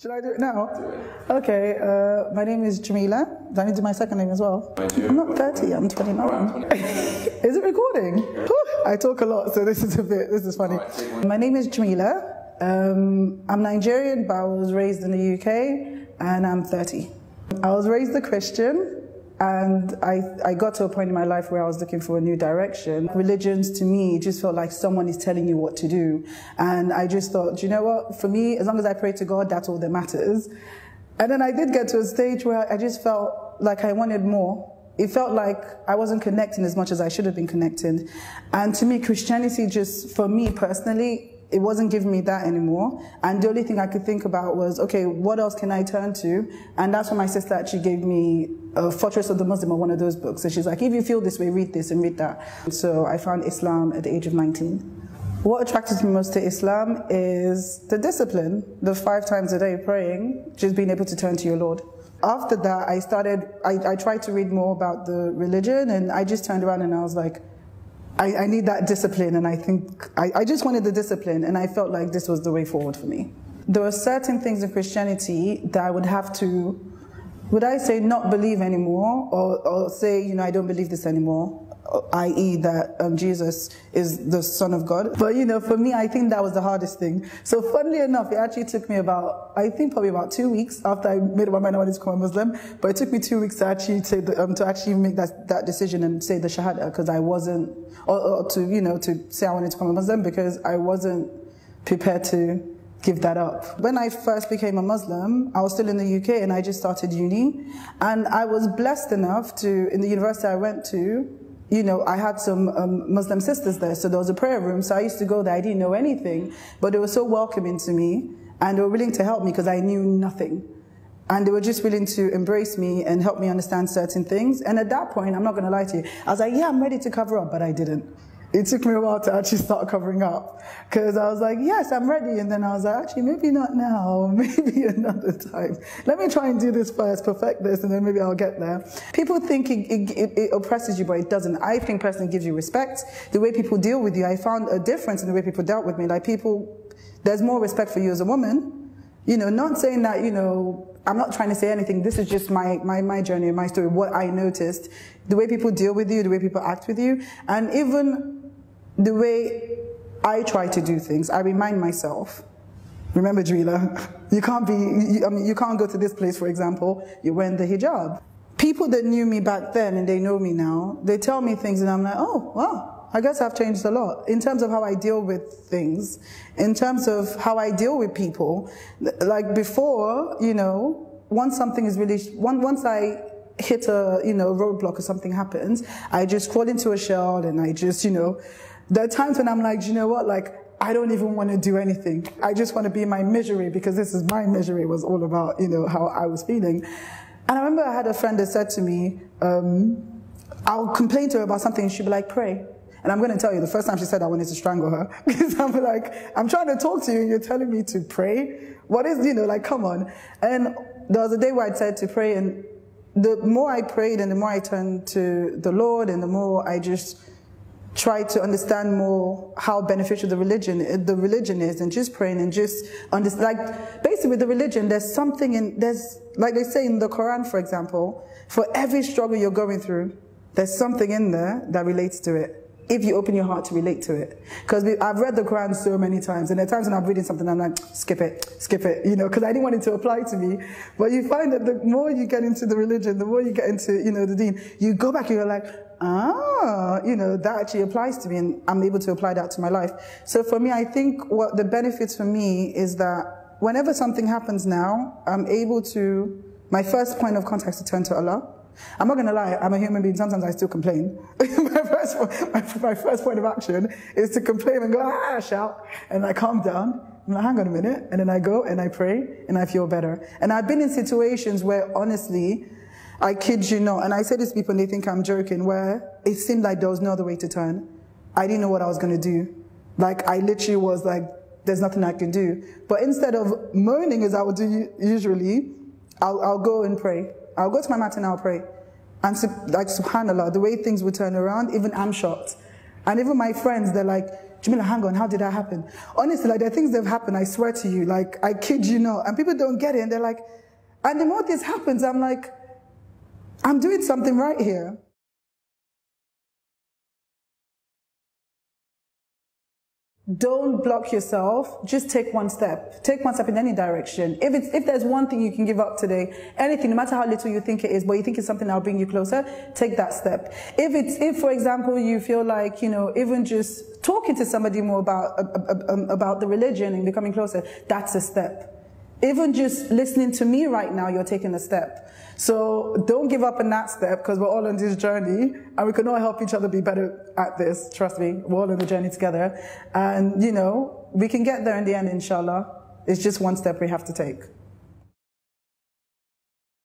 Should I do it now? Do it. Okay, uh, my name is Jamila. Do I need to do my second name as well? I do. I'm not 30, I'm 29. Right, 29. is it recording? I talk a lot, so this is a bit, this is funny. Right, my name is Jamila. Um, I'm Nigerian, but I was raised in the UK, and I'm 30. I was raised a Christian, and I, I got to a point in my life where I was looking for a new direction. Religions to me just felt like someone is telling you what to do. And I just thought, you know what? For me, as long as I pray to God, that's all that matters. And then I did get to a stage where I just felt like I wanted more. It felt like I wasn't connecting as much as I should have been connecting. And to me, Christianity just, for me personally, it wasn't giving me that anymore. And the only thing I could think about was, okay, what else can I turn to? And that's when my sister actually gave me a uh, Fortress of the Muslim or one of those books. And she's like, if you feel this way, read this and read that. So I found Islam at the age of 19. What attracted me most to Islam is the discipline, the five times a day praying, just being able to turn to your Lord. After that, I started, I, I tried to read more about the religion and I just turned around and I was like, I, I need that discipline, and I think I, I just wanted the discipline, and I felt like this was the way forward for me. There were certain things in Christianity that I would have to, would I say, not believe anymore, or, or say, you know, I don't believe this anymore i.e., that um, Jesus is the Son of God. But you know, for me, I think that was the hardest thing. So, funnily enough, it actually took me about, I think, probably about two weeks after I made up my mind I wanted to become a Muslim. But it took me two weeks to actually say the, um, to actually make that that decision and say the Shahada because I wasn't, or, or to you know, to say I wanted to become a Muslim because I wasn't prepared to give that up. When I first became a Muslim, I was still in the UK and I just started uni. And I was blessed enough to, in the university I went to, you know, I had some um, Muslim sisters there, so there was a prayer room. So I used to go there. I didn't know anything, but they were so welcoming to me, and they were willing to help me because I knew nothing, and they were just willing to embrace me and help me understand certain things. And at that point, I'm not going to lie to you, I was like, yeah, I'm ready to cover up, but I didn't it took me a while to actually start covering up because I was like, yes, I'm ready. And then I was like, actually, maybe not now, maybe another time. Let me try and do this first, perfect this, and then maybe I'll get there. People think it, it, it oppresses you, but it doesn't. I think personally gives you respect. The way people deal with you, I found a difference in the way people dealt with me. Like people, there's more respect for you as a woman. You know, not saying that, you know, I'm not trying to say anything. This is just my, my, my journey, my story, what I noticed, the way people deal with you, the way people act with you, and even the way I try to do things. I remind myself, remember, Drila, you can't be, you, I mean, you can't go to this place, for example, you're wearing the hijab. People that knew me back then and they know me now, they tell me things and I'm like, oh, wow, I guess I've changed a lot in terms of how I deal with things, in terms of how I deal with people. Like before, you know, once something is really, once I hit a, you know, roadblock or something happens, I just crawl into a shell and I just, you know, there are times when I'm like, you know what, like, I don't even want to do anything. I just want to be in my misery because this is my misery was all about, you know, how I was feeling. And I remember I had a friend that said to me, um, I'll complain to her about something and she'd be like, pray. And I'm going to tell you, the first time she said I wanted to strangle her, because I'm like, I'm trying to talk to you and you're telling me to pray. What is, you know, like, come on. And there was a day where I said to pray and the more I prayed and the more I turned to the Lord and the more I just tried to understand more how beneficial the religion, the religion is and just praying and just understand, like basically with the religion, there's something in, there's, like they say in the Quran, for example, for every struggle you're going through, there's something in there that relates to it if you open your heart to relate to it. Because I've read the Quran so many times, and there are times when I'm reading something, I'm like, skip it, skip it, you know, because I didn't want it to apply to me. But you find that the more you get into the religion, the more you get into, you know, the deen, you go back and you're like, ah, you know, that actually applies to me, and I'm able to apply that to my life. So for me, I think what the benefits for me is that whenever something happens now, I'm able to, my first point of contact is to turn to Allah I'm not going to lie, I'm a human being. Sometimes I still complain. my, first, my, my, first point of action is to complain and go, ah, shout. And I calm down. I'm like, hang on a minute. And then I go and I pray and I feel better. And I've been in situations where, honestly, I kid you not, and I say this to people and they think I'm joking, where it seemed like there was no other way to turn. I didn't know what I was going to do. Like, I literally was like, there's nothing I can do. But instead of moaning as I would do usually, I'll, I'll go and pray. I'll go to my mat and I'll pray. And like, subhanAllah, the way things would turn around, even I'm shocked. And even my friends, they're like, Jamila, hang on, how did that happen? Honestly, like, there are things that have happened, I swear to you, like, I kid you not. And people don't get it, and they're like, and the more this happens, I'm like, I'm doing something right here. don't block yourself. Just take one step. Take one step in any direction. If it's, if there's one thing you can give up today, anything, no matter how little you think it is, but you think it's something that'll bring you closer, take that step. If it's, if for example, you feel like, you know, even just talking to somebody more about, about the religion and becoming closer, that's a step even just listening to me right now, you're taking a step. So don't give up on that step because we're all on this journey and we can all help each other be better at this. Trust me, we're all on the journey together. And, you know, we can get there in the end, inshallah. It's just one step we have to take.